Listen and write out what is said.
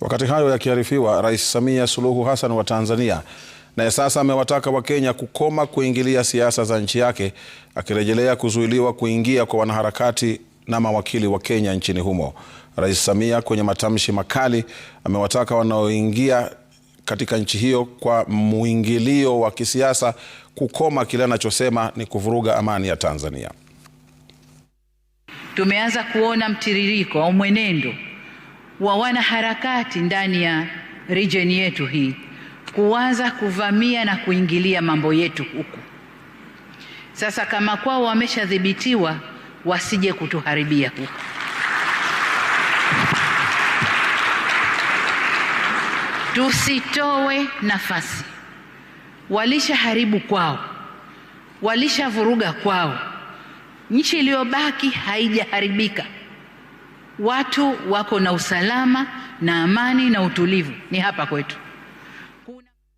Wakati hayo yakiarifiwa, Rais Samia Suluhu Hassan wa Tanzania naye sasa amewataka Wakenya kukoma kuingilia siasa za nchi yake, akirejelea kuzuiliwa kuingia kwa wanaharakati na mawakili wa Kenya nchini humo. Rais Samia kwenye matamshi makali amewataka wanaoingia katika nchi hiyo kwa mwingilio wa kisiasa kukoma kile anachosema ni kuvuruga amani ya Tanzania. Tumeanza kuona mtiririko au mwenendo wa wanaharakati ndani ya region yetu hii kuanza kuvamia na kuingilia mambo yetu huku. Sasa kama kwao wameshadhibitiwa, wasije kutuharibia huku. Tusitowe nafasi. Walishaharibu kwao, walishavuruga kwao, nchi iliyobaki haijaharibika watu wako na usalama na amani na utulivu, ni hapa kwetu.